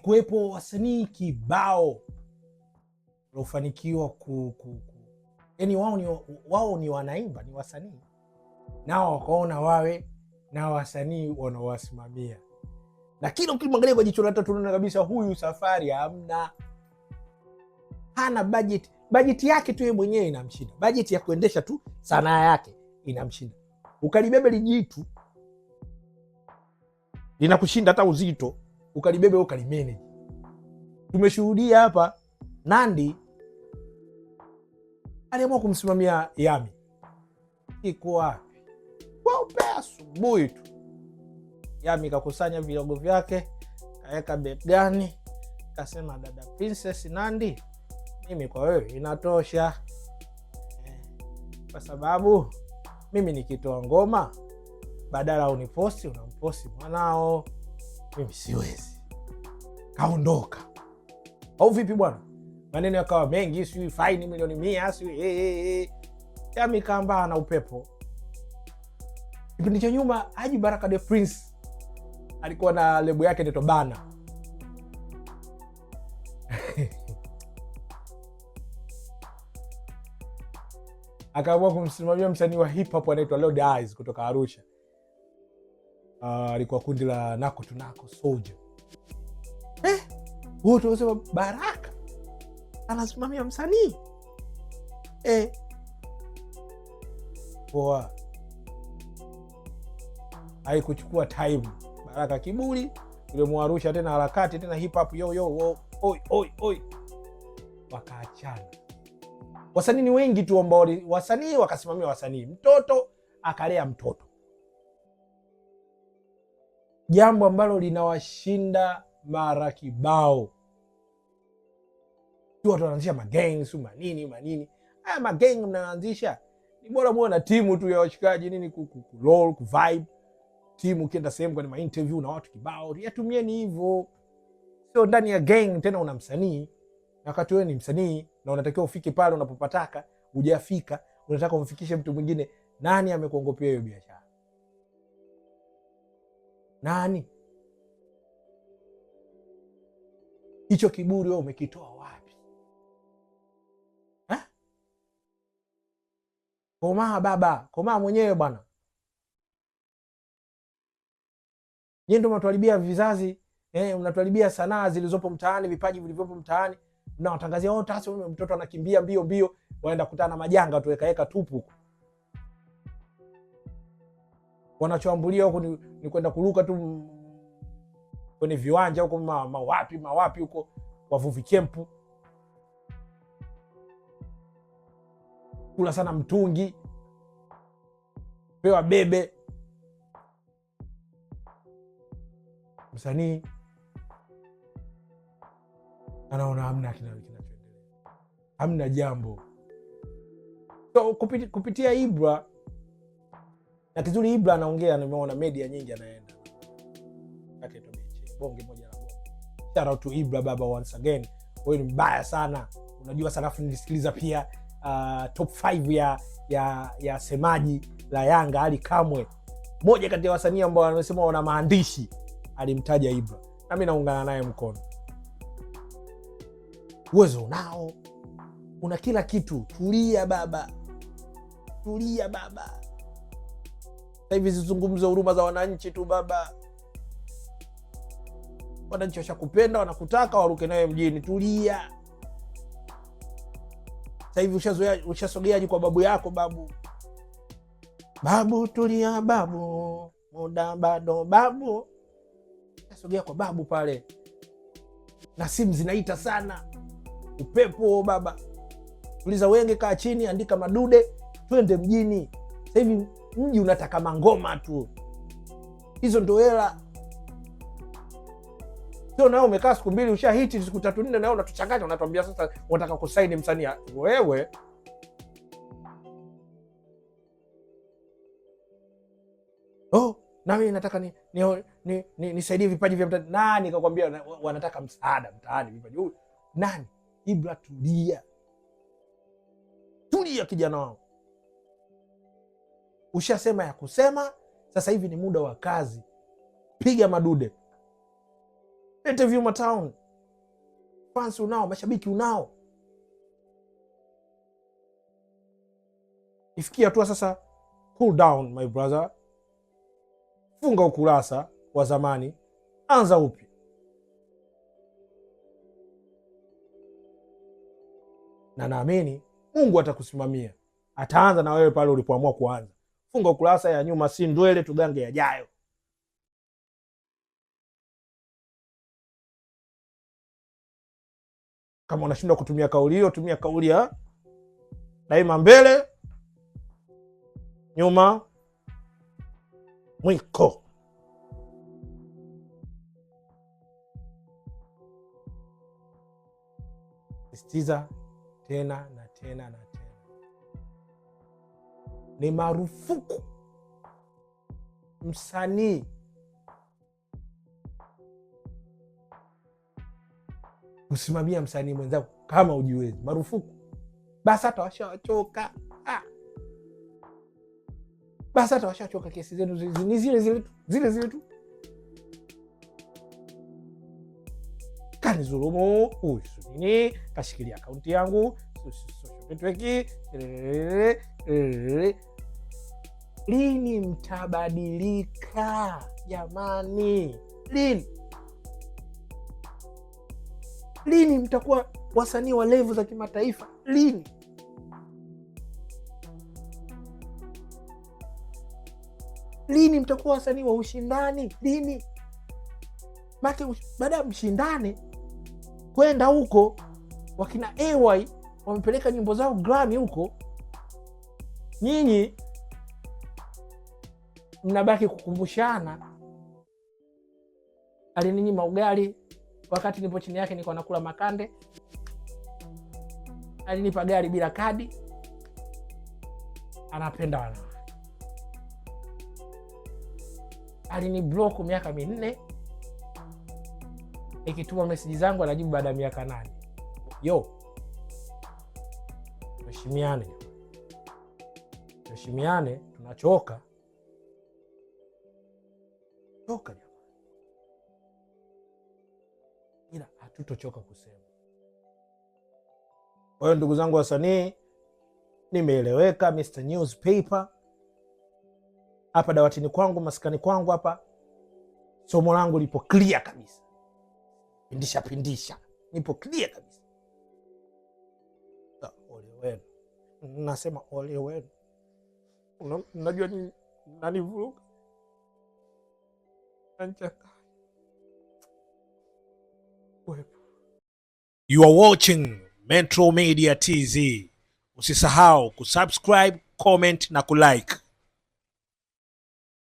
walikuwepo wasanii kibao waliofanikiwa ku, ku, ku. Yani wao ni, wao ni wanaimba ni wasanii, nao wakaona wawe na wasanii wanaowasimamia, lakini ukimwangalia kwa jicho la tatu unaona kabisa huyu safari hamna, hana budget. Bajeti yake tu yeye mwenyewe inamshinda, bajeti ya kuendesha tu sanaa yake inamshinda. ukalibebe lijitu linakushinda hata uzito ukalibebe ukalimanage. Tumeshuhudia hapa Nandi aliamua kumsimamia Yami, iko wapi? upea asubuhi tu Yami kakusanya vilogo vyake kaweka begani, kasema dada Princess Nandi, mimi kwa wewe inatosha eh, kwa sababu mimi nikitoa ngoma badala uniposti unamposti mwanao mimi siwezi. Kaondoka au vipi bwana, maneno yakawa mengi, sijui faini milioni mia, sijui hey, eh, eh, eh. hey. Mikambaa na upepo. Kipindi cha nyuma Haji Baraka the Prince alikuwa na lebo yake inaitwa Bana akaamua kumsimamia msanii wa hip hop anaitwa Lord Eyes kutoka Arusha. Ah, alikuwa uh, kundi la nako tunako soja eh, wote wasema Baraka anasimamia msanii eh. Poa, haikuchukua time Baraka kiburi ulimwarusha tena harakati tena hip hop yo yo oi oi oi, wakaachana. Wasanii ni wengi tu ambao wasanii wakasimamia wasanii, mtoto akalea mtoto jambo ambalo linawashinda mara kibao. watu wanaanzisha magang su manini manini, haya magang mnaanzisha, ni bora muwe na timu tu ya washikaji nini, kulol kuvibe timu, ukienda sehemu kwenye mainterview na watu kibao, yatumieni hivyo, sio ndani ya gang. Tena una msanii na wakati wewe ni msanii na unatakiwa ufike pale unapopataka, ujafika, unataka umfikishe mtu mwingine. Nani amekuongopea hiyo biashara? nani? Hicho kiburi wewe umekitoa wapi? Komaa baba, komaa mwenyewe bwana. Nyie ndo mnatuharibia vizazi eh, mnatuharibia sanaa zilizopo mtaani, vipaji vilivyopo mtaani, mnawatangazia oh, tasi mtoto anakimbia mbio mbio, waenda kutana na majanga tuwekaweka tupu huko wanachoambulia huko ni, ni kwenda kuruka tu kwenye viwanja huko mawapi ma mawapi huko wavuvi kempu, kula sana mtungi, pewa bebe. Msanii anaona amna kinachoendelea, hamna jambo so, kupitia Ibra na kizuri Ibra anaongea, nimeona media nyingi anaenda bonge moja la bonge. Shout out to Ibra baba, once again wewe ni mbaya sana, unajua sana. Alafu nilisikiliza pia uh, top 5 ya ya ya semaji la Yanga Ali Kamwe, moja kati ya wasanii ambao wanasema wana maandishi, alimtaja Ibra na mimi naungana naye mkono. Uwezo unao, una kila kitu. Tulia baba, tulia baba hivi zizungumze huruma za wananchi tu baba. Wananchi washakupenda, wanakutaka, waruke nawe mjini. Tulia sasa hivi, ushasogeaji kwa babu yako? Babu, babu tulia, babu muda bado, babu sogea kwa babu pale, na simu zinaita sana, upepo baba. Tuliza wenge, kaa chini, andika madude, twende mjini. Sasa hivi mji unataka mangoma tu, hizo ndo hela. Sio nao umekaa siku mbili usha hiti siku tatu nne, nao unatuchanganya, unatuambia sasa unataka kusaini msanii. Wewe oh, nami nataka ni nisaidie ni, ni, ni vipaji vya mtaani. Nani kakwambia wanataka msaada mtaani vipaji? Nani Ibra, tulia tulia, kijana wangu Ushasema ya kusema, sasa hivi ni muda wa kazi. Piga madude, lete vyuma town. Fans unao, mashabiki unao, ifikia hatua sasa, cool down my brother, funga ukurasa wa zamani, anza upya. na naamini Mungu atakusimamia, ataanza na wewe pale ulipoamua kuanza funga ukurasa ya nyuma, si ndwele, tugange yajayo. Kama unashindwa kutumia kauli hiyo, tumia kauli ya daima mbele nyuma mwiko. Sisitiza tena na tena na ni marufuku msanii kusimamia msanii mwenzako kama ujiwezi, marufuku. Basi hata washawachoka, basi hata washachoka. Kesi zenu ni zile zile tu, zile zile tu, kanizulumu huyu, nini, kashikilia akaunti yangu, network Lini mtabadilika jamani? Lini lini mtakuwa wasanii wa levu za kimataifa? Lini lini mtakuwa wasanii wa ushindani? Lini make baada ya mshindane kwenda huko, wakina AY wamepeleka nyimbo zao Grammy huko, nyinyi mnabaki kukumbushana, alininyima ugali wakati nipo chini yake nilikuwa nakula makande, alinipa gari bila kadi. Anapenda wanawake, aliniblock miaka minne, nikituma meseji zangu anajibu baada ya miaka nane. Yo, tuheshimiane, tuheshimiane, tunachoka Toka jamani, ila hatutochoka kusema. Kwa hiyo ndugu zangu wasanii, nimeeleweka. Mr Newspaper hapa dawatini kwangu, maskani kwangu hapa, somo langu lipo clear kabisa, pindisha pindisha, nipo clear kabisa. Ah, ole wenu, nasema ole wenu. Unajua nani You are watching Metro Media TV. Usisahau kusubscribe, comment na kulike.